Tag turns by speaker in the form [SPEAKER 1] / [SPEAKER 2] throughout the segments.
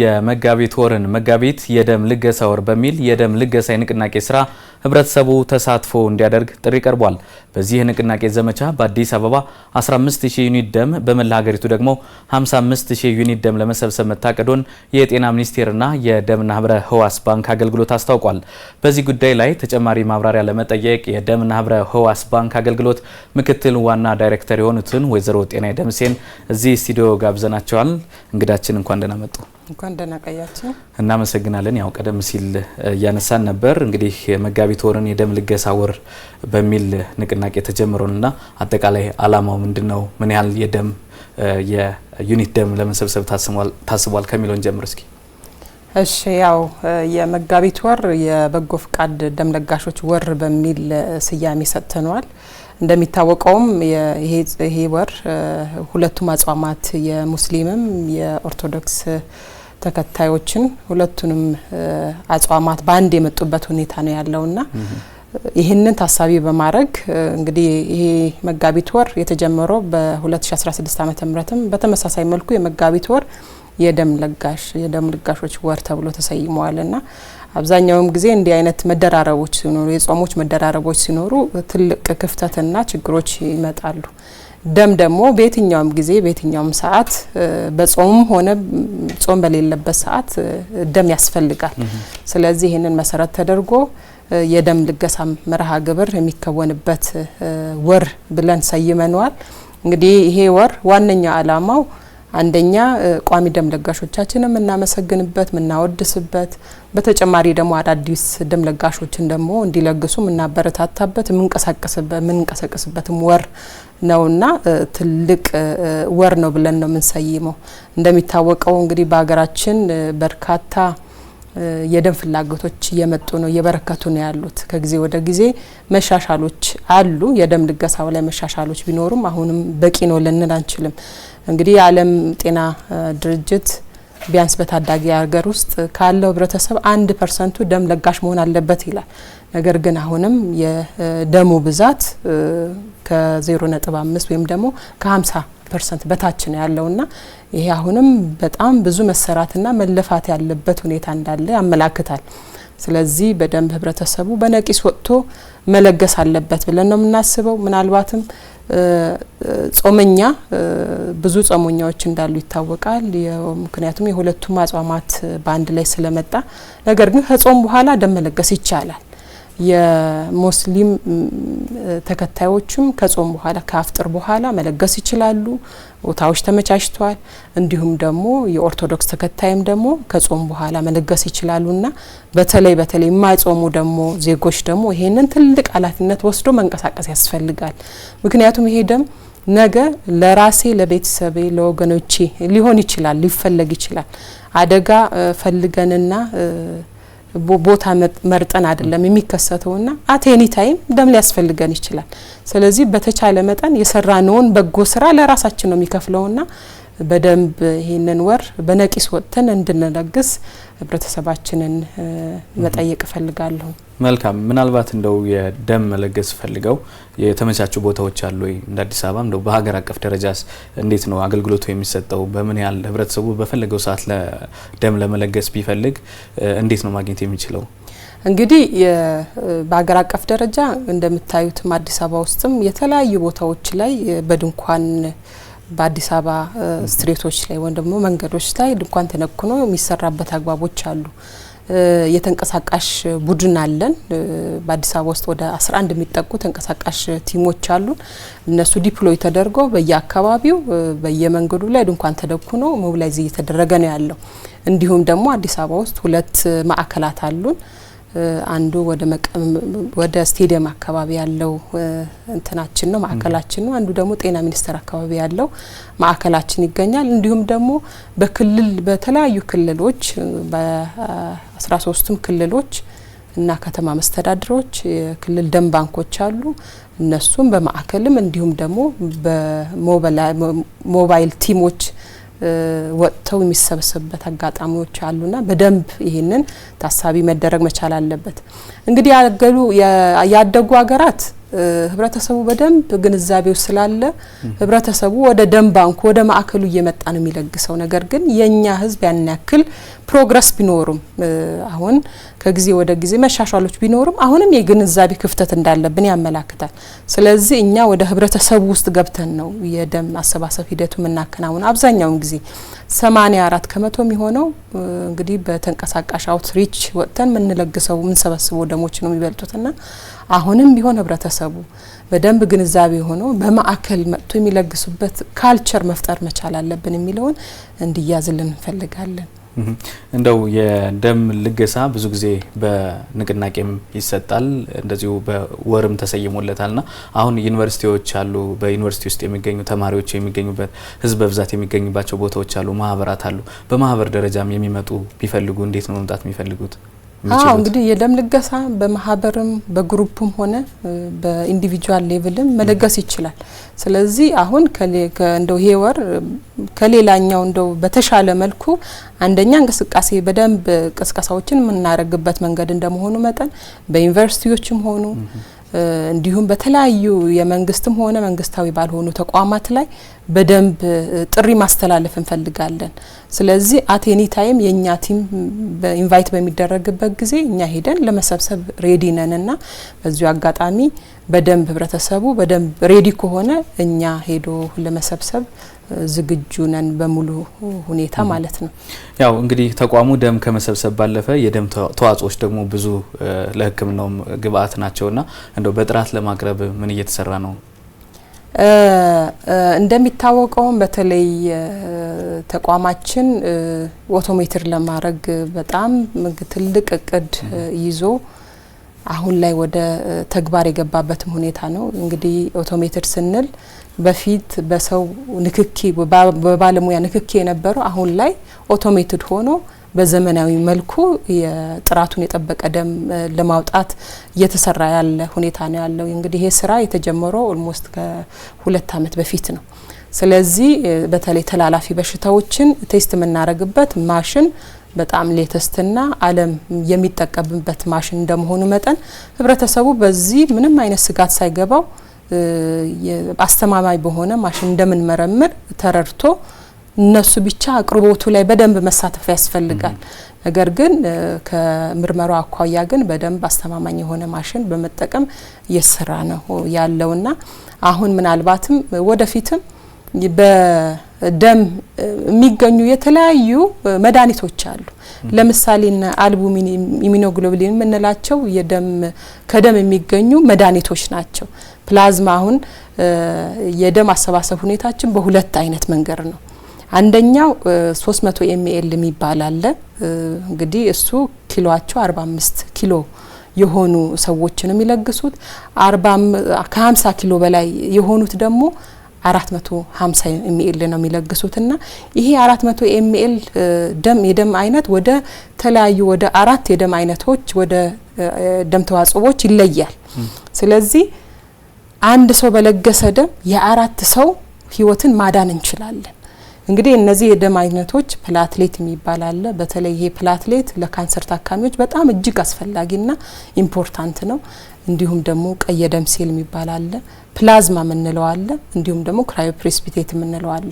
[SPEAKER 1] የመጋቢት ወርን መጋቢት የደም ልገሳ ወር በሚል የደም ልገሳ የንቅናቄ ስራ ህብረተሰቡ ተሳትፎ እንዲያደርግ ጥሪ ቀርቧል። በዚህ የንቅናቄ ዘመቻ በአዲስ አበባ 15000 ዩኒት ደም በመላ ሀገሪቱ ደግሞ 55000 ዩኒት ደም ለመሰብሰብ መታቀዱን የጤና ሚኒስቴርና የደምና ህብረ ህዋስ ባንክ አገልግሎት አስታውቋል። በዚህ ጉዳይ ላይ ተጨማሪ ማብራሪያ ለመጠየቅ የደምና ህብረ ህዋስ ባንክ አገልግሎት ምክትል ዋና ዳይሬክተር የሆኑትን ወይዘሮ ጤና ደምሴን እዚህ ስቱዲዮ ጋብዘናቸዋል። እንግዳችን እንኳን ደህና መጡ።
[SPEAKER 2] እንኳን ደህና ቆያችሁ።
[SPEAKER 1] እናመሰግናለን። ያው ቀደም ሲል እያነሳን ነበር እንግዲህ መጋቢት ወርን የደም ልገሳ ወር በሚል ንቅናቄ ተጀምሮና አጠቃላይ አላማው ምንድን ነው? ምን ያህል የደም የዩኒት ደም ለመሰብሰብ ታስቧል ከሚለውን ጀምር እስኪ።
[SPEAKER 2] እሺ ያው የመጋቢት ወር የበጎ ፍቃድ ደም ለጋሾች ወር በሚል ስያሜ ሰጥተነዋል። እንደሚታወቀውም ይሄ ወር ሁለቱም አጽዋማት የሙስሊምም የኦርቶዶክስ ተከታዮችን ሁለቱንም አጽዋማት በአንድ የመጡበት ሁኔታ ነው ያለውና ይህንን ታሳቢ በማድረግ እንግዲህ ይሄ መጋቢት ወር የተጀመረው በ2016 ዓ ምትም በተመሳሳይ መልኩ የመጋቢት ወር የደም ለጋሽ የደም ለጋሾች ወር ተብሎ ተሰይመዋልና አብዛኛውም ጊዜ እንዲህ አይነት መደራረቦች ሲኖሩ የጾሞች መደራረቦች ሲኖሩ ትልቅ ክፍተትና ችግሮች ይመጣሉ። ደም ደግሞ በየትኛውም ጊዜ በየትኛውም ሰዓት በጾምም ሆነ ጾም በሌለበት ሰዓት ደም ያስፈልጋል። ስለዚህ ይህንን መሰረት ተደርጎ የደም ልገሳ መርሃ ግብር የሚከወንበት ወር ብለን ሰይመነዋል። እንግዲህ ይሄ ወር ዋነኛ ዓላማው አንደኛ ቋሚ ደም ለጋሾቻችን የምናመሰግንበት የምናወድስበት፣ በተጨማሪ ደግሞ አዳዲስ ደም ለጋሾችን ደግሞ እንዲለግሱ የምናበረታታበት የምንቀሳቀስበትም ወር ነውና ትልቅ ወር ነው ብለን ነው የምንሰይመው። እንደሚታወቀው እንግዲህ በሀገራችን በርካታ የደም ፍላጎቶች እየመጡ ነው፣ እየበረከቱ ነው ያሉት። ከጊዜ ወደ ጊዜ መሻሻሎች አሉ። የደም ልገሳው ላይ መሻሻሎች ቢኖሩም አሁንም በቂ ነው ልንል አንችልም። እንግዲህ የዓለም ጤና ድርጅት ቢያንስ በታዳጊ ሀገር ውስጥ ካለው ህብረተሰብ አንድ ፐርሰንቱ ደም ለጋሽ መሆን አለበት ይላል። ነገር ግን አሁንም የደሙ ብዛት ከዜሮ ነጥብ አምስት ወይም ደግሞ ከሀምሳ ፐርሰንት በታች ነው ያለውና ይሄ አሁንም በጣም ብዙ መሰራትና መለፋት ያለበት ሁኔታ እንዳለ ያመላክታል። ስለዚህ በደንብ ህብረተሰቡ በነቂስ ወጥቶ መለገስ አለበት ብለን ነው የምናስበው። ምናልባትም ጾመኛ ብዙ ጾመኛዎች እንዳሉ ይታወቃል። ምክንያቱም የሁለቱም አጽዋማት በአንድ ላይ ስለመጣ፣ ነገር ግን ከጾም በኋላ ደም መለገስ ይቻላል። የሙስሊም ተከታዮችም ከጾም በኋላ ከአፍጥር በኋላ መለገስ ይችላሉ። ቦታዎች ተመቻችተዋል። እንዲሁም ደግሞ የኦርቶዶክስ ተከታይም ደግሞ ከጾም በኋላ መለገስ ይችላሉና በተለይ በተለይ የማይጾሙ ደግሞ ዜጎች ደግሞ ይሄንን ትልቅ ኃላፊነት ወስዶ መንቀሳቀስ ያስፈልጋል። ምክንያቱም ይሄ ደም ነገ ለራሴ ለቤተሰቤ፣ ለወገኖቼ ሊሆን ይችላል ሊፈለግ ይችላል አደጋ ፈልገንና ቦታ መርጠን አይደለም የሚከሰተውና አት ኤኒ ታይም ደም ሊያስፈልገን ይችላል። ስለዚህ በተቻለ መጠን የሰራነውን በጎ ስራ ለራሳችን ነው የሚከፍለውና በደንብ ይህንን ወር በነቂስ ወጥተን እንድንለግስ ህብረተሰባችንን መጠየቅ እፈልጋለሁ።
[SPEAKER 1] መልካም ምናልባት እንደው የደም መለገስ ፈልገው የተመቻቹ ቦታዎች አሉ ወይ? እንደ አዲስ አበባ እንደው በሀገር አቀፍ ደረጃስ እንዴት ነው አገልግሎቱ የሚሰጠው? በምን ያህል ህብረተሰቡ በፈለገው ሰዓት ደም ለመለገስ ቢፈልግ እንዴት ነው ማግኘት የሚችለው?
[SPEAKER 2] እንግዲህ በሀገር አቀፍ ደረጃ እንደምታዩትም አዲስ አበባ ውስጥም የተለያዩ ቦታዎች ላይ በድንኳን በአዲስ አበባ ስትሬቶች ላይ ወይም ደግሞ መንገዶች ላይ ድንኳን ተነኩኖ የሚሰራበት አግባቦች አሉ። የተንቀሳቃሽ ቡድን አለን። በአዲስ አበባ ውስጥ ወደ 11 የሚጠጉ ተንቀሳቃሽ ቲሞች አሉን። እነሱ ዲፕሎይ ተደርገው በየአካባቢው በየመንገዱ ላይ ድንኳን ተደኩኖ ሞቢላይዝ እየተደረገ ነው ያለው። እንዲሁም ደግሞ አዲስ አበባ ውስጥ ሁለት ማዕከላት አሉን። አንዱ ወደ ስቴዲየም አካባቢ ያለው እንትናችን ነው ማዕከላችን ነው። አንዱ ደግሞ ጤና ሚኒስቴር አካባቢ ያለው ማዕከላችን ይገኛል። እንዲሁም ደግሞ በክልል በተለያዩ ክልሎች በአስራ ሶስቱም ክልሎች እና ከተማ መስተዳድሮች የክልል ደም ባንኮች አሉ። እነሱም በማዕከልም እንዲሁም ደግሞ በሞባይል ቲሞች ወጥተው የሚሰበሰብበት አጋጣሚዎች አሉና በደንብ ይህንን ታሳቢ መደረግ መቻል አለበት። እንግዲህ ያደጉ ሀገራት ህብረተሰቡ በደንብ ግንዛቤው ስላለ ህብረተሰቡ ወደ ደም ባንኩ ወደ ማዕከሉ እየመጣ ነው የሚለግሰው። ነገር ግን የእኛ ህዝብ ያን ያክል ፕሮግረስ ቢኖርም አሁን ከጊዜ ወደ ጊዜ መሻሻሎች ቢኖርም አሁንም የግንዛቤ ክፍተት እንዳለብን ያመላክታል። ስለዚህ እኛ ወደ ህብረተሰቡ ውስጥ ገብተን ነው የደም አሰባሰብ ሂደቱ የምናከናውን። አብዛኛውን ጊዜ 84 ከመቶ የሚሆነው እንግዲህ በተንቀሳቃሽ አውትሪች ወጥተን የምንለግሰው የምንሰበስበው ደሞች ነው የሚበልጡትና አሁንም ቢሆን ህብረተሰቡ በደንብ ግንዛቤ ሆኖ በማዕከል መጥቶ የሚለግሱበት ካልቸር መፍጠር መቻል አለብን የሚለውን እንዲያዝልን እንፈልጋለን።
[SPEAKER 1] እንደው የደም ልገሳ ብዙ ጊዜ በንቅናቄም ይሰጣል፣ እንደዚሁ በወርም ተሰይሞለታልና አሁን ዩኒቨርሲቲዎች አሉ። በዩኒቨርሲቲ ውስጥ የሚገኙ ተማሪዎች የሚገኙበት ህዝብ በብዛት የሚገኝባቸው ቦታዎች አሉ፣ ማህበራት አሉ። በማህበር ደረጃም የሚመጡ ቢፈልጉ እንዴት ነው መምጣት የሚፈልጉት?
[SPEAKER 2] አዎ እንግዲህ የደም ልገሳ በማህበርም በግሩፕም ሆነ በኢንዲቪጁዋል ሌቭልም መለገስ ይችላል። ስለዚህ አሁን እንደው ይሄ ወር ከሌላኛው እንደው በተሻለ መልኩ አንደኛ እንቅስቃሴ በደንብ ቅስቀሳዎችን የምናደርግበት መንገድ እንደመሆኑ መጠን በዩኒቨርሲቲዎችም ሆኑ እንዲሁም በተለያዩ የመንግስትም ሆነ መንግስታዊ ባልሆኑ ተቋማት ላይ በደንብ ጥሪ ማስተላለፍ እንፈልጋለን። ስለዚህ አቴኒ ታይም የእኛ ቲም ኢንቫይት በሚደረግበት ጊዜ እኛ ሄደን ለመሰብሰብ ሬዲ ነን እና በዚሁ አጋጣሚ በደንብ ህብረተሰቡ በደንብ ሬዲ ከሆነ እኛ ሄዶ ለመሰብሰብ ዝግጁ ነን በሙሉ ሁኔታ ማለት ነው።
[SPEAKER 1] ያው እንግዲህ ተቋሙ ደም ከመሰብሰብ ባለፈ የደም ተዋጽኦች ደግሞ ብዙ ለሕክምናውም ግብአት እና እንደው በጥራት ለማቅረብ ምን እየተሰራ ነው?
[SPEAKER 2] እንደሚታወቀውም በተለይ ተቋማችን ኦቶሜትር ለማድረግ በጣም ትልቅ እቅድ ይዞ አሁን ላይ ወደ ተግባር የገባበትም ሁኔታ ነው። እንግዲህ ኦቶሜትድ ስንል በፊት በሰው ንክኪ በባለሙያ ንክኪ የነበረው አሁን ላይ ኦቶሜትድ ሆኖ በዘመናዊ መልኩ የጥራቱን የጠበቀ ደም ለማውጣት እየተሰራ ያለ ሁኔታ ነው ያለው። እንግዲህ ይሄ ስራ የተጀመረው ኦልሞስት ከሁለት ዓመት በፊት ነው። ስለዚህ በተለይ ተላላፊ በሽታዎችን ቴስት የምናደርግበት ማሽን በጣም ሌተስትና ዓለም የሚጠቀምበት ማሽን እንደመሆኑ መጠን ህብረተሰቡ በዚህ ምንም አይነት ስጋት ሳይገባው አስተማማኝ በሆነ ማሽን እንደምንመረምር ተረድቶ እነሱ ብቻ አቅርቦቱ ላይ በደንብ መሳተፍ ያስፈልጋል። ነገር ግን ከምርመራው አኳያ ግን በደንብ አስተማማኝ የሆነ ማሽን በመጠቀም እየሰራ ነው ያለውና አሁን ምናልባትም ወደፊትም በደም የሚገኙ የተለያዩ መድኃኒቶች አሉ። ለምሳሌ አልቡሚን ኢሚኖግሎብሊን የምንላቸው የደም ከደም የሚገኙ መድኃኒቶች ናቸው። ፕላዝማ አሁን የደም አሰባሰብ ሁኔታችን በሁለት አይነት መንገድ ነው። አንደኛው 300 ኤምኤል የሚባል አለ። እንግዲህ እሱ ኪሎአቸው 45 ኪሎ የሆኑ ሰዎች ነው የሚለግሱት። ከ50 ኪሎ በላይ የሆኑት ደግሞ መቶ ሀምሳ ኤምኤል ነው ና ይሄ መቶ ኤምኤል ደም የደም አይነት ወደ ተለያዩ ወደ አራት የደም አይነቶች ወደ ደም ተዋጽኦዎች ይለያል። ስለዚህ አንድ ሰው በለገሰ ደም የአራት ሰው ህይወትን ማዳን እንችላለን። እንግዲህ እነዚህ የደም አይነቶች ፕላትሌት የሚባል አለ። በተለይ ይሄ ፕላትሌት ለካንሰር ታካሚዎች በጣም እጅግ አስፈላጊና ኢምፖርታንት ነው። እንዲሁም ደግሞ ቀይ ደም ሴል የሚባል አለ፣ ፕላዝማ የምንለው አለ፣ እንዲሁም ደግሞ ክራዮ ፕሬስፒቴት የምንለው አለ።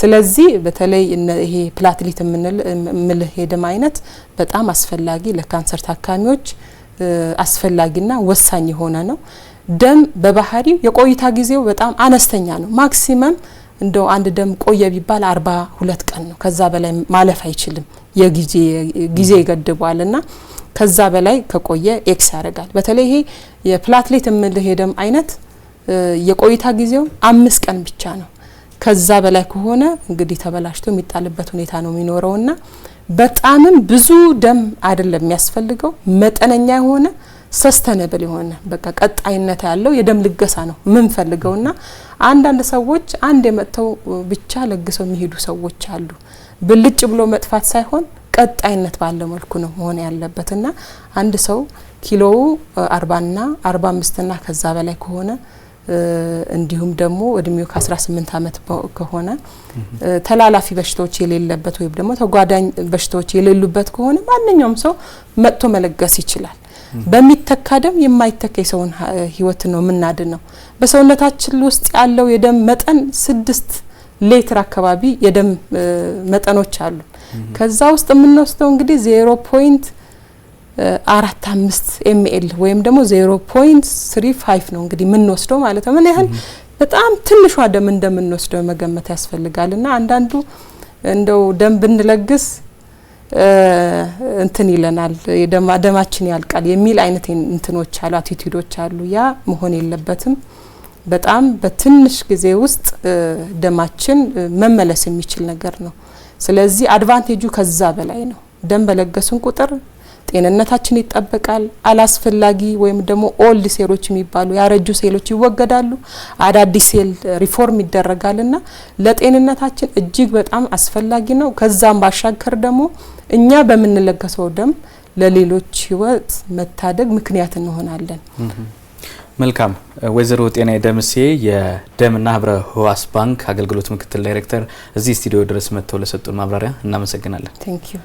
[SPEAKER 2] ስለዚህ በተለይ ይሄ ፕላትሊት የምልህ የደም አይነት በጣም አስፈላጊ ለካንሰር ታካሚዎች አስፈላጊና ወሳኝ የሆነ ነው። ደም በባህሪው የቆይታ ጊዜው በጣም አነስተኛ ነው። ማክሲመም እንደው አንድ ደም ቆየ ቢባል አርባ ሁለት ቀን ነው። ከዛ በላይ ማለፍ አይችልም። የጊዜ ጊዜ ና ከዛ በላይ ከቆየ ኤክስ ያደርጋል። በተለይ ይሄ የፕላትሌት የምልህ የደም አይነት የቆይታ ጊዜው አምስት ቀን ብቻ ነው። ከዛ በላይ ከሆነ እንግዲህ ተበላሽቶ የሚጣልበት ሁኔታ ነው የሚኖረው ና በጣምም ብዙ ደም አይደለም የሚያስፈልገው መጠነኛ የሆነ ሰስተነብል የሆነ በቃ ቀጣይነት ያለው የደም ልገሳ ነው ምንፈልገውና አንዳንድ ሰዎች አንድ የመጥተው ብቻ ለግሰው የሚሄዱ ሰዎች አሉ። ብልጭ ብሎ መጥፋት ሳይሆን ቀጣይነት ባለ መልኩ ነው መሆን ያለበት እና አንድ ሰው ኪሎው አርባና አርባ አምስትና ከዛ በላይ ከሆነ እንዲሁም ደግሞ እድሜው ከ ስምንት ዓመት ከሆነ ተላላፊ በሽታዎች የሌለበት ወይም ደግሞ ተጓዳኝ በሽታዎች የሌሉበት ከሆነ ማንኛውም ሰው መጥቶ መለገስ ይችላል። በሚተካ ደም የማይተካ የሰውን ህይወት ነው የምናድነው። በሰውነታችን ውስጥ ያለው የደም መጠን ስድስት ሌትር አካባቢ የደም መጠኖች አሉ። ከዛ ውስጥ የምንወስደው እንግዲህ ዜሮ ፖይንት አራት አምስት ኤምኤል ወይም ደግሞ ዜሮ ፖይንት ስሪ ፋይፍ ነው እንግዲህ የምንወስደው ማለት ነው። ምን ያህል በጣም ትንሿ ደም እንደምንወስደው መገመት ያስፈልጋል። እና አንዳንዱ እንደው ደም ብንለግስ እንትን ይለናል ደማችን ያልቃል የሚል አይነት እንትኖች አሉ፣ አቲቲዩዶች አሉ። ያ መሆን የለበትም። በጣም በትንሽ ጊዜ ውስጥ ደማችን መመለስ የሚችል ነገር ነው። ስለዚህ አድቫንቴጁ ከዛ በላይ ነው። ደም በለገሱን ቁጥር ጤንነታችን ይጠበቃል። አላስፈላጊ ወይም ደግሞ ኦልድ ሴሎች የሚባሉ ያረጁ ሴሎች ይወገዳሉ። አዳዲስ ሴል ሪፎርም ይደረጋልና ለጤንነታችን እጅግ በጣም አስፈላጊ ነው። ከዛም ባሻገር ደግሞ እኛ በምንለገሰው ደም ለሌሎች ሕይወት መታደግ ምክንያት እንሆናለን።
[SPEAKER 1] መልካም ወይዘሮ ጤና ደምሴ የደምና ህብረ ህዋስ ባንክ አገልግሎት ምክትል ዳይሬክተር እዚህ ስቱዲዮ ድረስ መጥተው ለሰጡን ማብራሪያ እናመሰግናለን።